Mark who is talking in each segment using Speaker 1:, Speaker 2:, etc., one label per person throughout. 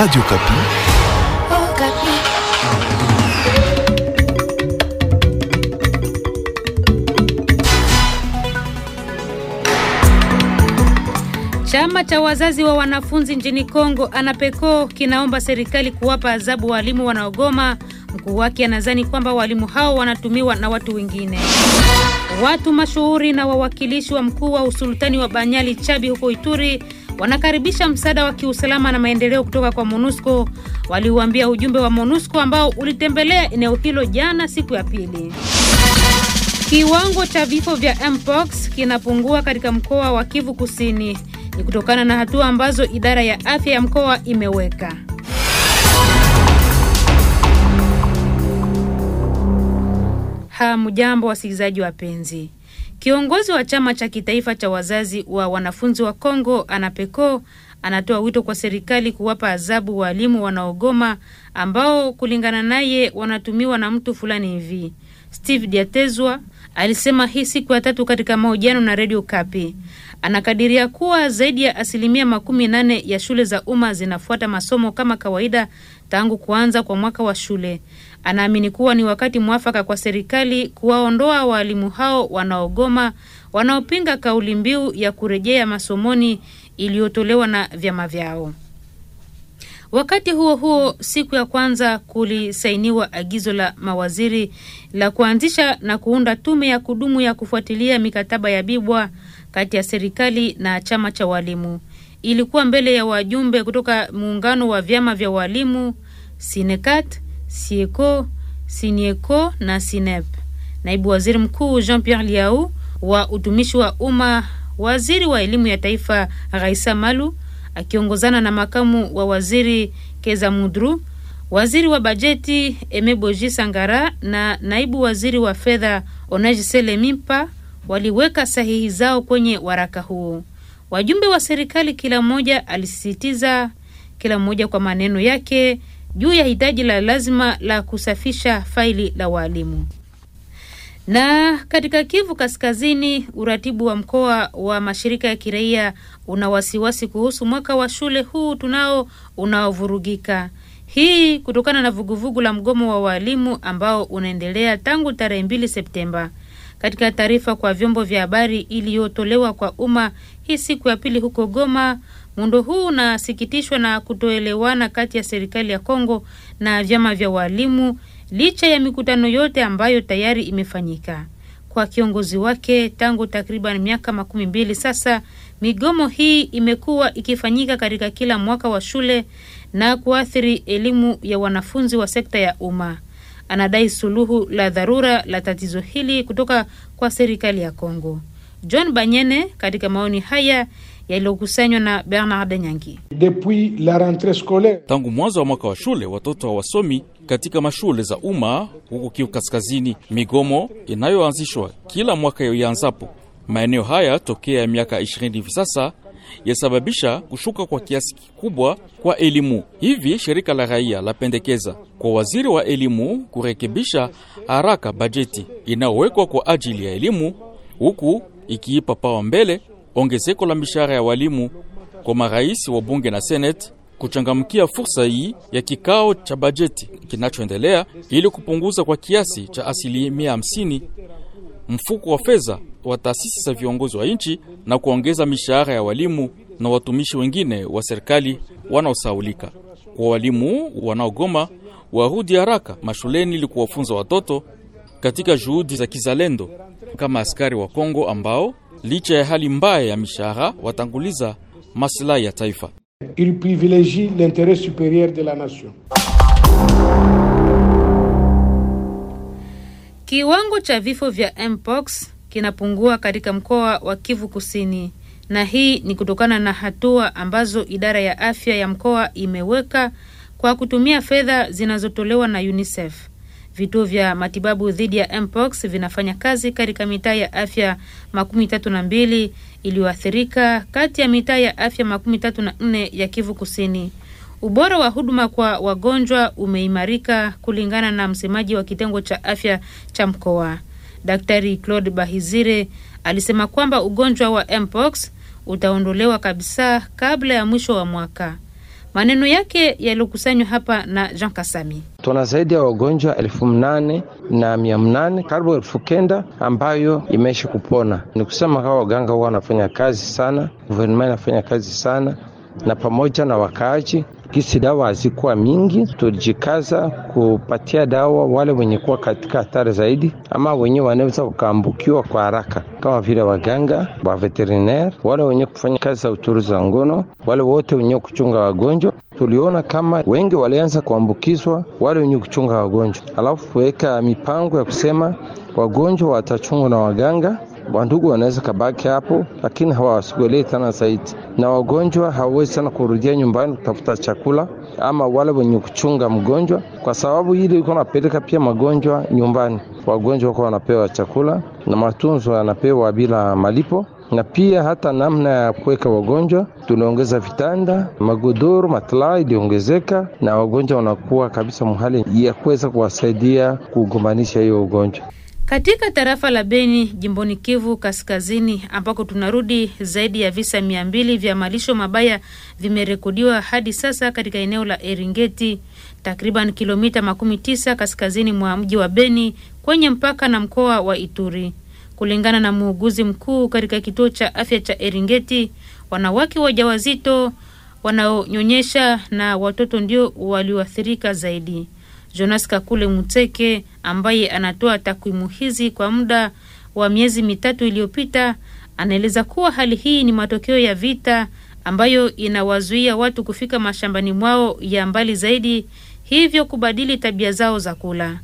Speaker 1: Radio Kapi.
Speaker 2: Oh, Kapi. Chama cha wazazi wa wanafunzi nchini Kongo Anapeko kinaomba serikali kuwapa adhabu walimu wanaogoma. Mkuu wake anadhani kwamba walimu hao wanatumiwa na watu wengine. Watu mashuhuri na wawakilishi wa mkuu wa usultani wa Banyali Chabi huko Ituri wanakaribisha msaada wa kiusalama na maendeleo kutoka kwa MONUSCO, waliuambia ujumbe wa MONUSCO ambao ulitembelea eneo hilo jana siku ya pili. Kiwango cha vifo vya mpox kinapungua katika mkoa wa Kivu Kusini. Ni kutokana na hatua ambazo idara ya afya ya mkoa imeweka. Hamjambo wasikilizaji wapenzi. Kiongozi wa chama cha kitaifa cha wazazi wa wanafunzi wa Kongo Anapeco anatoa wito kwa serikali kuwapa adhabu walimu wanaogoma ambao kulingana naye wanatumiwa na mtu fulani hivi. Steve Diatezwa alisema hii siku ya tatu katika mahojiano na Radio Kapi. Anakadiria kuwa zaidi ya asilimia makumi nane ya shule za umma zinafuata masomo kama kawaida tangu kuanza kwa mwaka wa shule. Anaamini kuwa ni wakati mwafaka kwa serikali kuwaondoa waalimu hao wanaogoma, wanaopinga kauli mbiu ya kurejea masomoni iliyotolewa na vyama vyao. Wakati huo huo, siku ya kwanza kulisainiwa agizo la mawaziri la kuanzisha na kuunda tume ya kudumu ya kufuatilia mikataba ya Bibwa kati ya serikali na chama cha walimu. Ilikuwa mbele ya wajumbe kutoka muungano wa vyama vya walimu Sinekat, Sieko, Sinieko na Sinep. Naibu Waziri Mkuu Jean-Pierre Liau wa utumishi wa umma, Waziri wa elimu ya taifa Raisa Malu akiongozana na makamu wa waziri Keza Mudru, waziri wa bajeti Emeboji Sangara na naibu waziri wa fedha onaji Mimpa waliweka sahihi zao kwenye waraka huo. Wajumbe wa serikali kila mmoja alisisitiza kila mmoja kwa maneno yake juu ya hitaji la lazima la kusafisha faili la waalimu. Na katika Kivu Kaskazini, uratibu wa mkoa wa mashirika ya kiraia una wasiwasi kuhusu mwaka wa shule huu tunao unaovurugika. Hii kutokana na vuguvugu la mgomo wa waalimu ambao unaendelea tangu tarehe mbili Septemba. Katika taarifa kwa vyombo vya habari iliyotolewa kwa umma hii siku ya pili huko Goma, Muundo huu unasikitishwa na kutoelewana kati ya serikali ya Kongo na vyama vya walimu licha ya mikutano yote ambayo tayari imefanyika. Kwa kiongozi wake tangu takriban miaka makumi mbili sasa, migomo hii imekuwa ikifanyika katika kila mwaka wa shule na kuathiri elimu ya wanafunzi wa sekta ya umma. Anadai suluhu la dharura la tatizo hili kutoka kwa serikali ya Kongo. John Banyene katika maoni haya yaliyokusanywa na Bernard Nyangi.
Speaker 3: la scolaire, tangu mwanzo wa mwaka wa shule, watoto wasomi katika mashule za umma huku Kivu Kaskazini. Migomo inayoanzishwa kila mwaka yaanzapo maeneo haya tokea ya miaka 20 hivi sasa yasababisha kushuka kwa kiasi kikubwa kwa elimu. Hivi shirika la raia lapendekeza kwa waziri wa elimu kurekebisha haraka bajeti inayowekwa kwa ajili ya elimu, huku ikiipa pawa mbele ongezeko la mishahara ya walimu kwa marais wa bunge na seneti kuchangamkia fursa hii ya kikao cha bajeti kinachoendelea ili kupunguza kwa kiasi cha asilimia hamsini mfuko wa fedha wa taasisi za viongozi wa nchi na kuongeza mishahara ya walimu na watumishi wengine wa serikali wanaosaulika. Kwa walimu wanaogoma, warudi haraka mashuleni ili kuwafunza watoto katika juhudi za kizalendo kama askari wa Kongo ambao licha ya hali mbaya ya mishahara, watanguliza maslahi ya taifa.
Speaker 4: Il privilegie l'interet superieur de la nation.
Speaker 2: Kiwango cha vifo vya mpox kinapungua katika mkoa wa Kivu Kusini, na hii ni kutokana na hatua ambazo idara ya afya ya mkoa imeweka kwa kutumia fedha zinazotolewa na UNICEF. Vituo vya matibabu dhidi ya mpox vinafanya kazi katika mitaa ya afya makumi tatu na mbili iliyoathirika kati ya mitaa ya afya makumi tatu na nne ya Kivu Kusini. Ubora wa huduma kwa wagonjwa umeimarika kulingana na msemaji wa kitengo cha afya cha mkoa. Daktari Claude Bahizire alisema kwamba ugonjwa wa mpox utaondolewa kabisa kabla ya mwisho wa mwaka. Maneno yake yaliyokusanywa hapa na Jean Kasami.
Speaker 5: Tuna zaidi ya wagonjwa elfu mnane na mia mnane karibu elfu kenda ambayo imeisha kupona. Ni kusema hawa waganga huwa wanafanya kazi sana, guvernema inafanya kazi sana, na pamoja na wakaaji Kisi dawa hazikuwa mingi, tulijikaza kupatia dawa wale wenye kuwa katika hatari zaidi, ama wenye wanaweza wakaambukiwa kwa haraka, kama vile waganga wa veterinaire, wale wenye kufanya kazi za uturuzi za ngono, wale wote wenye kuchunga wagonjwa. Tuliona kama wengi walianza kuambukizwa wale wenye kuchunga wagonjwa, alafu kuweka mipango ya kusema wagonjwa watachungwa na waganga wandugu wanaweza kabaki hapo, lakini hawasogolei tena zaidi, na wagonjwa hawawezi sana kurudia nyumbani kutafuta chakula ama wale wenye kuchunga mgonjwa, kwa sababu hili iko napeleka pia magonjwa nyumbani. Wagonjwa wako wanapewa chakula na matunzo yanapewa bila malipo na pia hata namna ya kuweka wagonjwa tunaongeza vitanda, magodoro, matalaa iliongezeka, na wagonjwa wanakuwa kabisa mhali ya kuweza kuwasaidia kugombanisha hiyo ugonjwa.
Speaker 2: Katika tarafa la Beni jimboni Kivu Kaskazini, ambako tunarudi, zaidi ya visa mia mbili vya malisho mabaya vimerekodiwa hadi sasa katika eneo la Eringeti, takriban kilomita makumi tisa kaskazini mwa mji wa Beni kwenye mpaka na mkoa wa Ituri. Kulingana na muuguzi mkuu katika kituo cha afya cha Eringeti, wanawake wajawazito, wanaonyonyesha na watoto ndio walioathirika zaidi. Jonas Kakule Muteke ambaye anatoa takwimu hizi kwa muda wa miezi mitatu iliyopita, anaeleza kuwa hali hii ni matokeo ya vita ambayo inawazuia watu kufika mashambani mwao ya mbali zaidi, hivyo kubadili tabia zao za kula.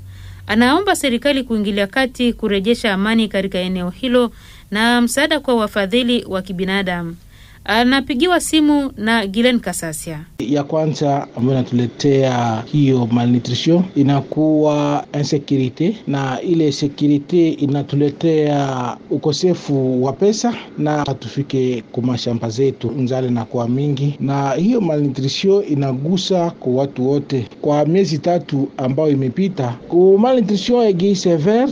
Speaker 2: Anaomba serikali kuingilia kati kurejesha amani katika eneo hilo na msaada kwa wafadhili wa kibinadamu. Anapigiwa ah, simu na Gilen Kasasia.
Speaker 4: Ya kwanza ambayo inatuletea hiyo malnutrition inakuwa insecurity, na ile security inatuletea ukosefu wa pesa na hatufike kumashamba zetu, nzale nakuwa mingi, na hiyo malnutrition inagusa kwa watu wote. Kwa miezi tatu ambayo imepita, ku malnutrition ya gui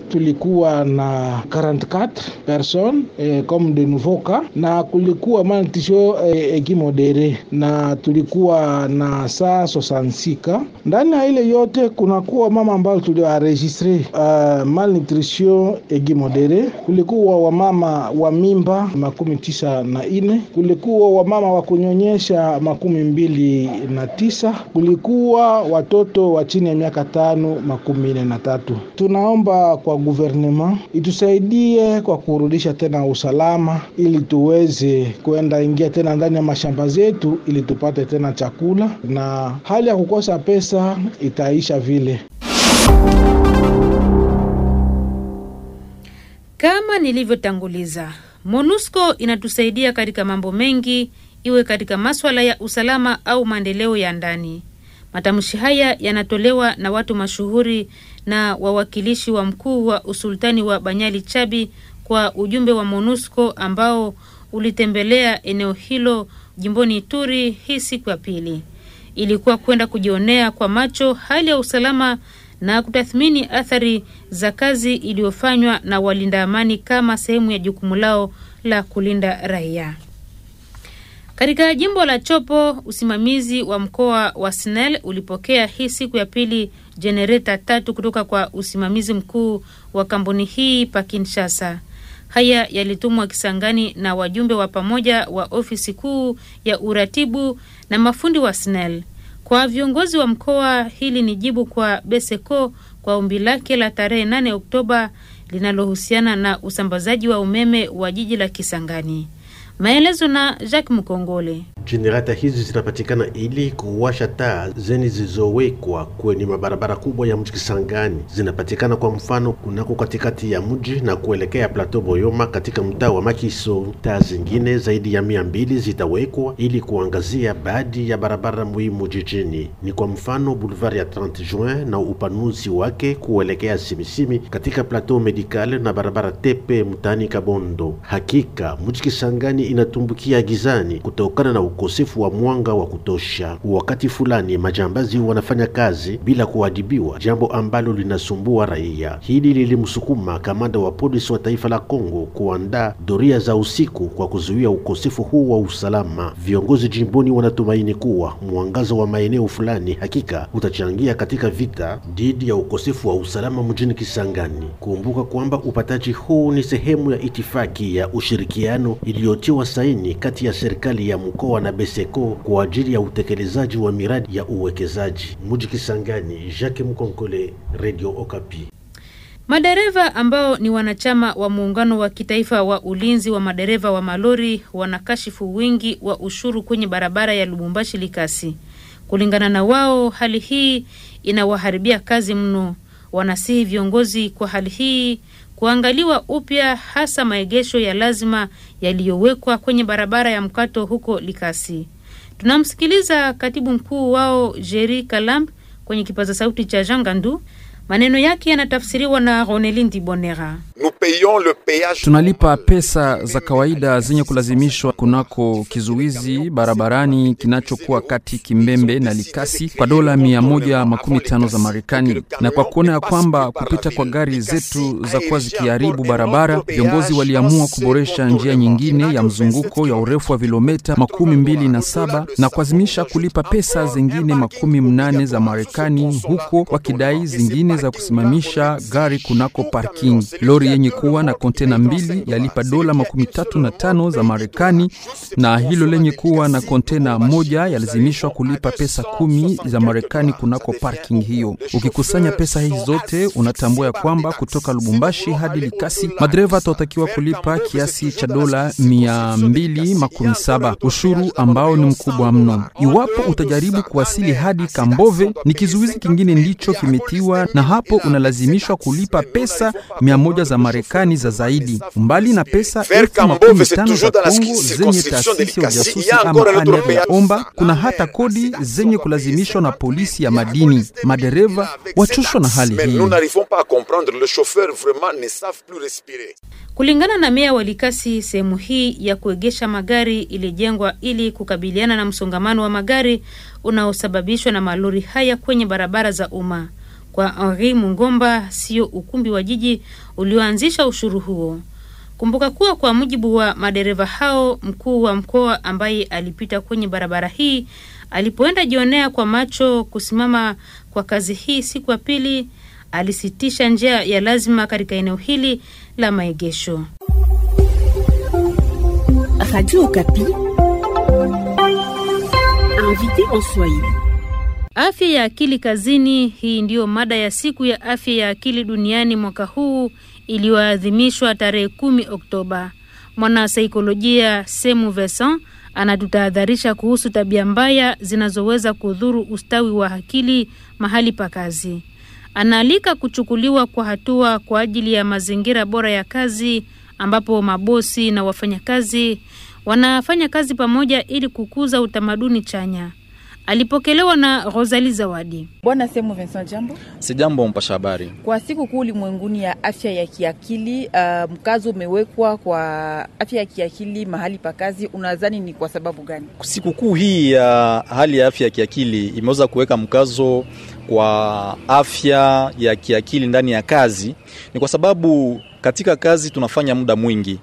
Speaker 4: tulikuwa na 44 person eh, comme de nouveau cas na kulikuwa malnutrition mapumzisho eh, ekimodere na tulikuwa na saa sosansika. Ndani ya ile yote kunakuwa mama ambao tulioaregistre uh, malnutrition ekimodere, kulikuwa wamama wa mimba makumi tisa na ine, kulikuwa wamama wa kunyonyesha makumi mbili na tisa, kulikuwa watoto wa chini ya miaka tano makumi ine na tatu. Tunaomba kwa guvernema itusaidie kwa kurudisha tena usalama ili tuweze kwenda kuingia tena ndani ya mashamba zetu ili tupate tena chakula, na hali ya kukosa pesa itaisha vile.
Speaker 2: Kama nilivyotanguliza, MONUSCO inatusaidia katika mambo mengi, iwe katika maswala ya usalama au maendeleo ya ndani. Matamshi haya yanatolewa na watu mashuhuri na wawakilishi wa mkuu wa usultani wa Banyali Chabi kwa ujumbe wa MONUSCO ambao ulitembelea eneo hilo jimboni Ituri hii siku ya pili. Ilikuwa kwenda kujionea kwa macho hali ya usalama na kutathmini athari za kazi iliyofanywa na walinda amani kama sehemu ya jukumu lao la kulinda raia. Katika jimbo la Chopo, usimamizi wa mkoa wa SNEL ulipokea hii siku ya pili jenereta tatu kutoka kwa usimamizi mkuu wa kampuni hii pa Kinshasa. Haya yalitumwa Kisangani na wajumbe wa pamoja wa ofisi kuu ya uratibu na mafundi wa SNEL kwa viongozi wa mkoa. Hili ni jibu kwa beseco kwa ombi lake la tarehe 8 Oktoba linalohusiana na usambazaji wa umeme wa jiji la Kisangani. Maelezo na Jacques Mkongole.
Speaker 1: Jenereta hizi zinapatikana ili kuwasha taa zeni zilizowekwa kwenye mabarabara kubwa ya mji Kisangani. Zinapatikana kwa mfano kunako katikati ya mji na kuelekea Plateau Boyoma katika mtaa wa Makiso. Taa zingine zaidi ya mia mbili zitawekwa ili kuangazia baadhi ya barabara muhimu jijini, ni kwa mfano boulevard ya 30 Juin na upanuzi wake kuelekea Simisimi katika Plateau Medical na barabara tepe mtaani Kabondo. Hakika mji Kisangani fulani inatumbukia gizani kutokana na ukosefu wa mwanga wa kutosha. Wakati fulani majambazi wanafanya kazi bila kuadhibiwa, jambo ambalo linasumbua raia. Hili lilimsukuma kamanda wa polisi wa taifa la Kongo kuandaa doria za usiku kwa kuzuia ukosefu huu wa usalama. Viongozi jimboni wanatumaini kuwa mwangazo wa maeneo fulani hakika utachangia katika vita dhidi ya ukosefu wa usalama mjini Kisangani. Kumbuka kwamba upataji huu ni sehemu ya itifaki ya ushirikiano iliyotiwa wa saini kati ya serikali ya mkoa na Beseko kwa ajili ya utekelezaji wa miradi ya uwekezaji. Muji Kisangani, Jacques Mkonkole, Radio Okapi.
Speaker 2: Madereva ambao ni wanachama wa muungano wa kitaifa wa ulinzi wa madereva wa malori wanakashifu wingi wa ushuru kwenye barabara ya Lubumbashi Likasi. Kulingana na wao, hali hii inawaharibia kazi mno. Wanasihi viongozi kwa hali hii kuangaliwa upya, hasa maegesho ya lazima yaliyowekwa kwenye barabara ya mkato huko Likasi. Tunamsikiliza katibu mkuu wao jeri Kalamb kwenye kipaza sauti cha Jangandu. Maneno yake yanatafsiriwa na Ronelin Dibonera.
Speaker 6: Tunalipa pesa za kawaida zenye kulazimishwa kunako kizuizi barabarani kinachokuwa kati Kimbembe na Likasi kwa dola mia moja makumi tano za Marekani, na kwa kuona ya kwamba kupita kwa gari zetu za kuwa zikiharibu barabara, viongozi waliamua kuboresha njia nyingine ya mzunguko ya urefu wa vilometa makumi mbili na saba na kuazimisha kulipa pesa zingine makumi mnane za Marekani, huko wakidai zingine mashine za kusimamisha gari kunako parking. Lori yenye kuwa na kontena mbili yalipa dola makumi tatu na tano za Marekani, na hilo lenye kuwa na kontena moja yalazimishwa kulipa pesa kumi za Marekani kunako parking hiyo. Ukikusanya pesa hizi zote, unatambua ya kwamba kutoka Lubumbashi hadi Likasi madereva atatakiwa kulipa kiasi cha dola mia mbili makumi saba ushuru ambao ni mkubwa mno. Iwapo utajaribu kuwasili hadi Kambove, ni kizuizi kingine ndicho kimetiwa na hapo unalazimishwa kulipa pesa mia moja za Marekani za zaidi, mbali na pesa elfu makumi tano za Kongo zenye taasisi ya ujasusi ama ANR ya omba. Kuna hata kodi zenye kulazimishwa na polisi ya madini. Madereva wachoshwa na hali hii.
Speaker 2: Kulingana na meya wa Likasi, sehemu hii ya kuegesha magari ilijengwa ili kukabiliana na msongamano wa magari unaosababishwa na malori haya kwenye barabara za umma kwa Henri Mungomba sio ukumbi wa jiji ulioanzisha ushuru huo. Kumbuka kuwa kwa mujibu wa madereva hao, mkuu wa mkoa ambaye alipita kwenye barabara hii alipoenda jionea kwa macho kusimama kwa kazi hii siku ya pili, alisitisha njia ya lazima katika eneo hili la maegesho. Radio Okapi invité en Swahili. Afya ya akili kazini, hii ndiyo mada ya siku ya afya ya akili duniani mwaka huu iliyoadhimishwa tarehe kumi Oktoba. Mwanasaikolojia Semu Vesan anatutahadharisha kuhusu tabia mbaya zinazoweza kudhuru ustawi wa akili mahali pa kazi. Anaalika kuchukuliwa kwa hatua kwa ajili ya mazingira bora ya kazi ambapo mabosi na wafanyakazi wanafanya kazi pamoja ili kukuza utamaduni chanya alipokelewa na Rosali Zawadi. Bwana Semu Vincent, jambo.
Speaker 7: Si jambo, mpasha habari.
Speaker 2: Kwa siku kuu ulimwenguni ya afya ya kiakili, uh, mkazo umewekwa kwa afya ya kiakili mahali pa kazi. Unadhani ni kwa sababu gani
Speaker 7: siku kuu hii ya uh, hali ya afya ya kiakili imeweza kuweka mkazo kwa afya ya kiakili ndani ya kazi? Ni kwa sababu katika kazi tunafanya muda mwingi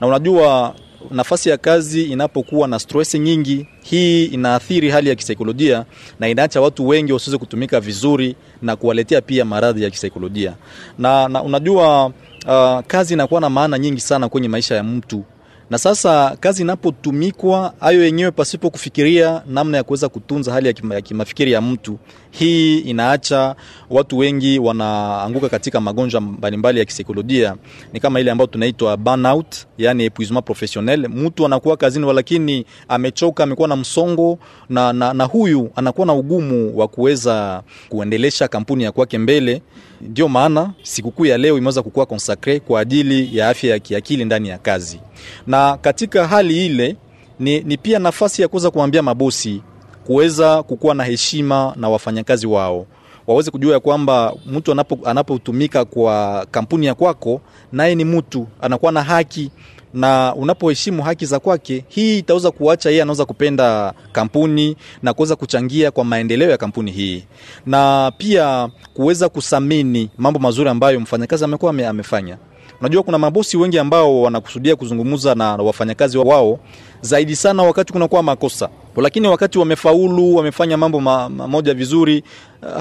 Speaker 7: na unajua nafasi ya kazi inapokuwa na stress nyingi, hii inaathiri hali ya kisaikolojia na inaacha watu wengi wasiweze kutumika vizuri na kuwaletea pia maradhi ya kisaikolojia na, na unajua uh, kazi inakuwa na maana nyingi sana kwenye maisha ya mtu na sasa kazi inapotumikwa hayo yenyewe pasipo kufikiria namna ya kuweza kutunza hali ya, kimafikiri ya mtu, hii inaacha watu wengi wanaanguka katika magonjwa mbalimbali ya kisaikolojia. Ni kama ile ambayo tunaitwa burnout, yani epuisement professionnel. Mtu anakuwa kazini, lakini amechoka, amekuwa na msongo na, na, na huyu anakuwa na ugumu wa kuweza kuendelesha kampuni ya kwake mbele ndio maana sikukuu ya leo imeweza kukuwa konsakre kwa ajili ya afya ya kiakili ndani ya kazi, na katika hali ile ni, ni pia nafasi ya kuweza kuambia mabosi kuweza kukuwa na heshima na wafanyakazi wao waweze kujua ya kwamba mtu anapotumika anapo kwa kampuni ya kwako, naye ni mtu anakuwa na haki na unapoheshimu haki za kwake, hii itaweza kuacha yeye anaweza kupenda kampuni na kuweza kuchangia kwa maendeleo ya kampuni hii, na pia kuweza kusamini mambo mazuri ambayo mfanyakazi amekuwa amefanya. Unajua, kuna mabosi wengi ambao wanakusudia kuzungumza na wafanyakazi wao zaidi sana wakati kunakuwa makosa, lakini wakati wamefaulu, wamefanya mambo ma, mamoja vizuri,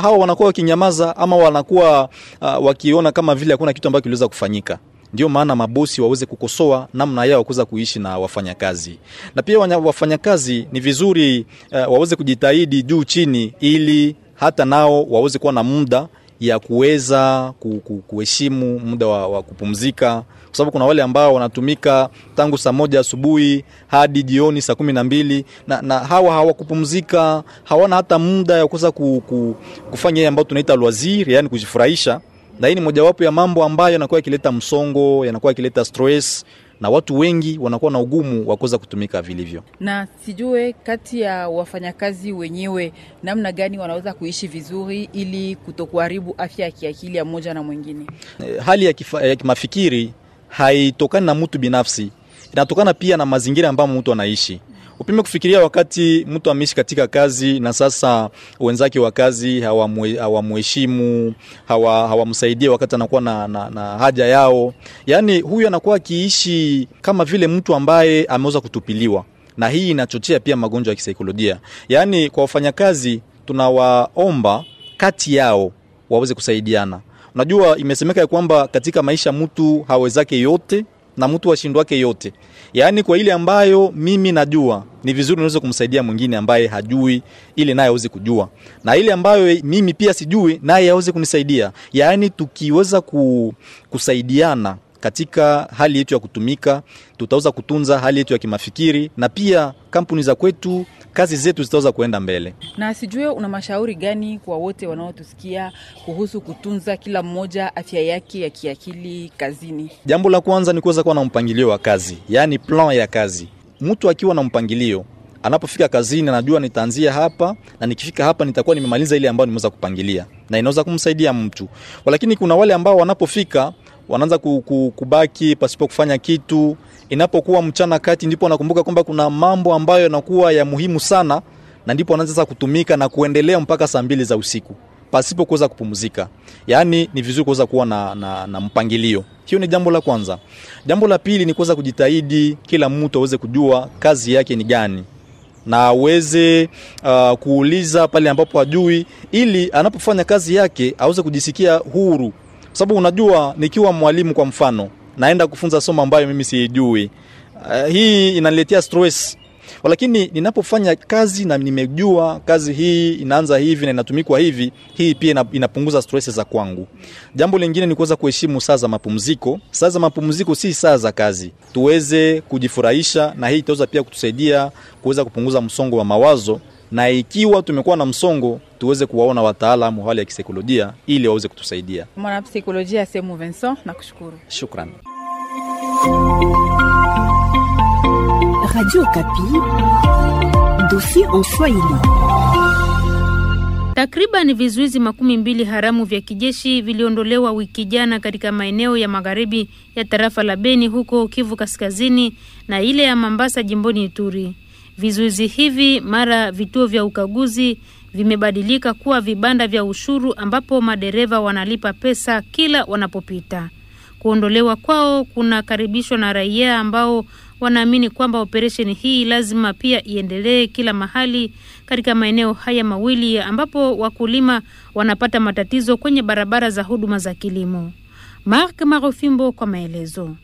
Speaker 7: hawa wanakuwa wakinyamaza ama wanakuwa uh, wakiona kama vile hakuna kitu ambacho kiliweza kufanyika. Ndio maana mabosi waweze kukosoa namna yao kuweza kuishi na wafanyakazi, na pia wafanyakazi ni vizuri uh, waweze kujitahidi juu chini, ili hata nao waweze kuwa na muda ya kuweza kuheshimu muda wa, wa kupumzika, kwa sababu kuna wale ambao wanatumika tangu saa moja asubuhi hadi jioni saa kumi na mbili na, na hawa hawakupumzika, hawana hata muda ya kuweza kufanya ile ambayo tunaita loisir, yani kujifurahisha na hii ni mojawapo ya mambo ambayo yanakuwa yakileta msongo, yanakuwa yakileta stress na watu wengi wanakuwa na ugumu wa kuweza kutumika vilivyo.
Speaker 2: Na sijue kati ya wafanyakazi wenyewe namna gani wanaweza kuishi vizuri ili kutokuharibu afya ya kiakili ya mmoja na mwingine.
Speaker 7: Eh, hali ya, kimafikiri haitokani na mtu binafsi, inatokana pia na mazingira ambayo mtu anaishi. Upime kufikiria wakati mtu ameishi katika kazi na sasa wenzake wa kazi hawamheshimu, hawa hawamsaidie hawa wakati anakuwa na, na, na haja yao, yaani huyu anakuwa akiishi kama vile mtu ambaye ameweza kutupiliwa, na hii inachochea pia magonjwa ya kisaikolojia. Yaani kwa wafanyakazi tunawaomba kati yao waweze kusaidiana. Unajua, imesemeka ya kwamba katika maisha mtu hawezake yote na mtu wake yote. Yaani kwa ile ambayo mimi najua ni vizuri niweze kumsaidia mwingine ambaye hajui ili naye aweze kujua, na ile ambayo mimi pia sijui naye aweze kunisaidia. Yaani tukiweza ku, kusaidiana katika hali yetu ya kutumika, tutaweza kutunza hali yetu ya kimafikiri na pia kampuni za kwetu, kazi zetu zitaweza kuenda mbele.
Speaker 6: Na sijue una mashauri gani kwa wote wanaotusikia kuhusu kutunza kila mmoja afya yake ya kiakili kazini?
Speaker 7: Jambo la kwanza ni kuweza kuwa na mpangilio wa kazi, yaani plan ya kazi. Mtu akiwa na mpangilio anapofika kazini anajua nitaanzia hapa na nikifika hapa nitakuwa nimemaliza ile ambayo nimeweza kupangilia, na inaweza kumsaidia mtu. Lakini kuna wale ambao wanapofika wanaanza kubaki pasipo kufanya kitu. Inapokuwa mchana kati, ndipo wanakumbuka kwamba kuna mambo ambayo yanakuwa ya muhimu sana, na ndipo wanaanza sasa kutumika na kuendelea mpaka saa mbili za usiku pasipo kuweza kupumzika. Yaani ni vizuri kuweza kuwa na, na, na mpangilio. Hiyo ni jambo la kwanza. Jambo la pili ni kuweza kujitahidi kila mtu aweze kujua kazi yake ni gani na aweze uh, kuuliza pale ambapo ajui, ili anapofanya kazi yake aweze kujisikia huru kwa sababu unajua, nikiwa mwalimu kwa mfano, naenda kufunza somo ambayo mimi siijui, uh, hii inaniletea stress lakini ninapofanya kazi na nimejua kazi hii inaanza hivi na inatumikwa hivi, hii pia inapunguza stress za kwangu. Jambo lingine ni kuweza kuheshimu saa za mapumziko. Saa za mapumziko si saa za kazi, tuweze kujifurahisha, na hii itaweza pia kutusaidia kuweza kupunguza msongo wa mawazo na ikiwa tumekuwa na msongo tuweze kuwaona wataalamu hali ya kisaikolojia ili waweze kutusaidia.
Speaker 2: Mwanapsikolojia Semu Vincent, nakushukuru. Shukran. Radio Kapi, dossier en Swahili. Takriban vizuizi makumi mbili haramu vya kijeshi viliondolewa wiki jana katika maeneo ya magharibi ya tarafa la Beni huko Kivu Kaskazini na ile ya Mambasa jimboni Ituri. Vizuizi hivi mara vituo vya ukaguzi vimebadilika kuwa vibanda vya ushuru ambapo madereva wanalipa pesa kila wanapopita. Kuondolewa kwao kunakaribishwa na raia ambao wanaamini kwamba operesheni hii lazima pia iendelee kila mahali katika maeneo haya mawili ambapo wakulima wanapata matatizo kwenye barabara za huduma za kilimo. Mark Marofimbo kwa maelezo.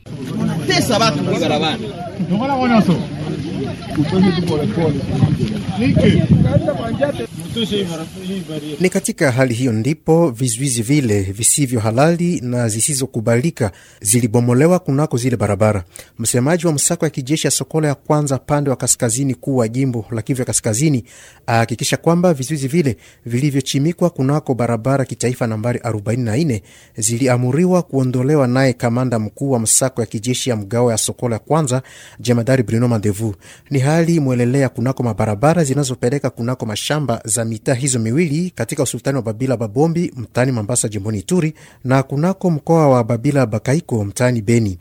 Speaker 1: Ni
Speaker 8: katika hali hiyo ndipo vizuizi vile visivyo halali na zisizokubalika zilibomolewa kunako zile barabara. Msemaji wa msako ya kijeshi ya Sokola ya kwanza pande wa kaskazini kuu wa jimbo la Kivu ya kaskazini ahakikisha kwamba vizuizi vile vilivyochimikwa kunako barabara kitaifa nambari 44 ziliamuriwa kuondolewa, naye kamanda mkuu wa msako ya kijeshi ya mgao ya Sokola ya kwanza jemadari Bruno Mandevu. Ni hali mwelelea kunako mabarabara zinazopeleka kunako mashamba za mitaa hizo miwili katika usultani wa Babila Babombi mtaani Mambasa, jimboni Ituri, na kunako mkoa wa Babila Bakaiko mtaani Beni.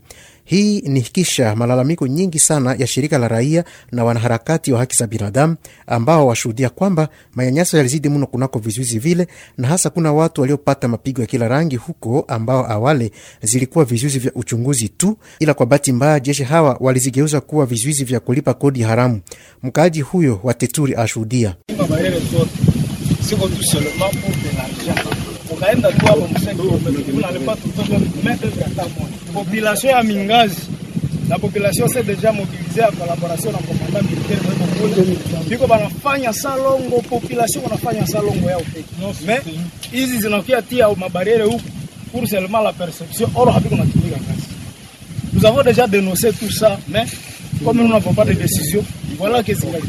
Speaker 8: Hii ni kisha malalamiko nyingi sana ya shirika la raia na wanaharakati wa haki za binadamu ambao washuhudia kwamba manyanyaso yalizidi mno kunako vizuizi vile, na hasa kuna watu waliopata mapigo ya kila rangi huko, ambao awale zilikuwa vizuizi vya uchunguzi tu, ila kwa bahati mbaya jeshi hawa walizigeuza kuwa vizuizi vya kulipa kodi haramu. Mkaaji huyo wa Teturi ashuhudia
Speaker 4: tukaenda tu hapo msenge alikuwa tutoke metre hata moja. Population ya Mingazi na population c'est deja mobilisée ya collaboration na commandant militaire mweko kule, biko banafanya salongo, population wanafanya salongo yao peke. mais hizi zinakia tia mabariere huku pour seulement la perception, or habiko natumika kazi. Nous avons déjà dénoncé tout ça, mais comme nous n'avons pas de décision, voilà qu'est-ce qu'il y a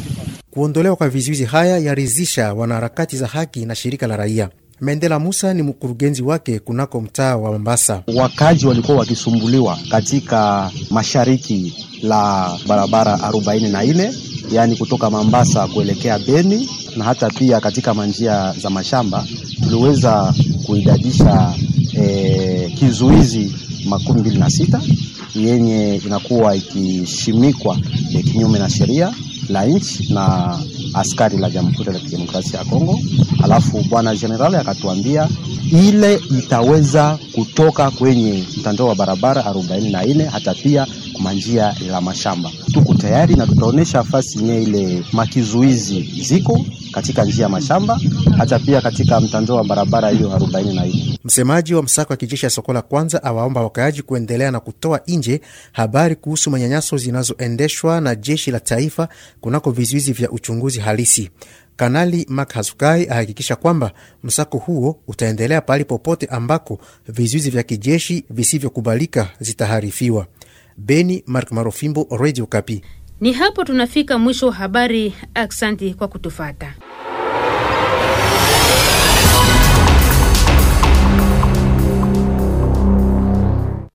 Speaker 8: Kuondolewa kwa vizuizi haya yaridhisha wanaharakati za haki na shirika la raia. Mendela Musa ni mkurugenzi wake kunako mtaa wa Mombasa. Wakaji walikuwa wakisumbuliwa katika mashariki la barabara 44 yaani kutoka Mombasa kuelekea Beni na hata pia katika manjia za mashamba tuliweza kuidadisha e, kizuizi makumi mbili na sita yenye inakuwa ikishimikwa e, kinyume na sheria la nchi na askari la Jamhuri ya Kidemokrasia ya Kongo. Alafu bwana general akatuambia ile itaweza kutoka kwenye mtandao wa barabara 44 hata pia njia la mashamba. Tuko tayari na tutaonesha fasi yenye ile makizuizi ziko katika njia ya mashamba hata pia katika mtandao wa barabara hiyo 44. Msemaji wa msako ya kijeshi ya soko la kwanza awaomba wakaaji kuendelea na kutoa nje habari kuhusu manyanyaso zinazoendeshwa na jeshi la taifa kunako vizuizi vya uchunguzi halisi. Kanali Mak Hasukai ahakikisha kwamba msako huo utaendelea pahali popote ambako vizuizi vya kijeshi visivyokubalika zitaharifiwa. Beni, Mark Marofimbo, Radio Kapi.
Speaker 2: Ni hapo tunafika mwisho wa habari. Aksanti kwa kutufata.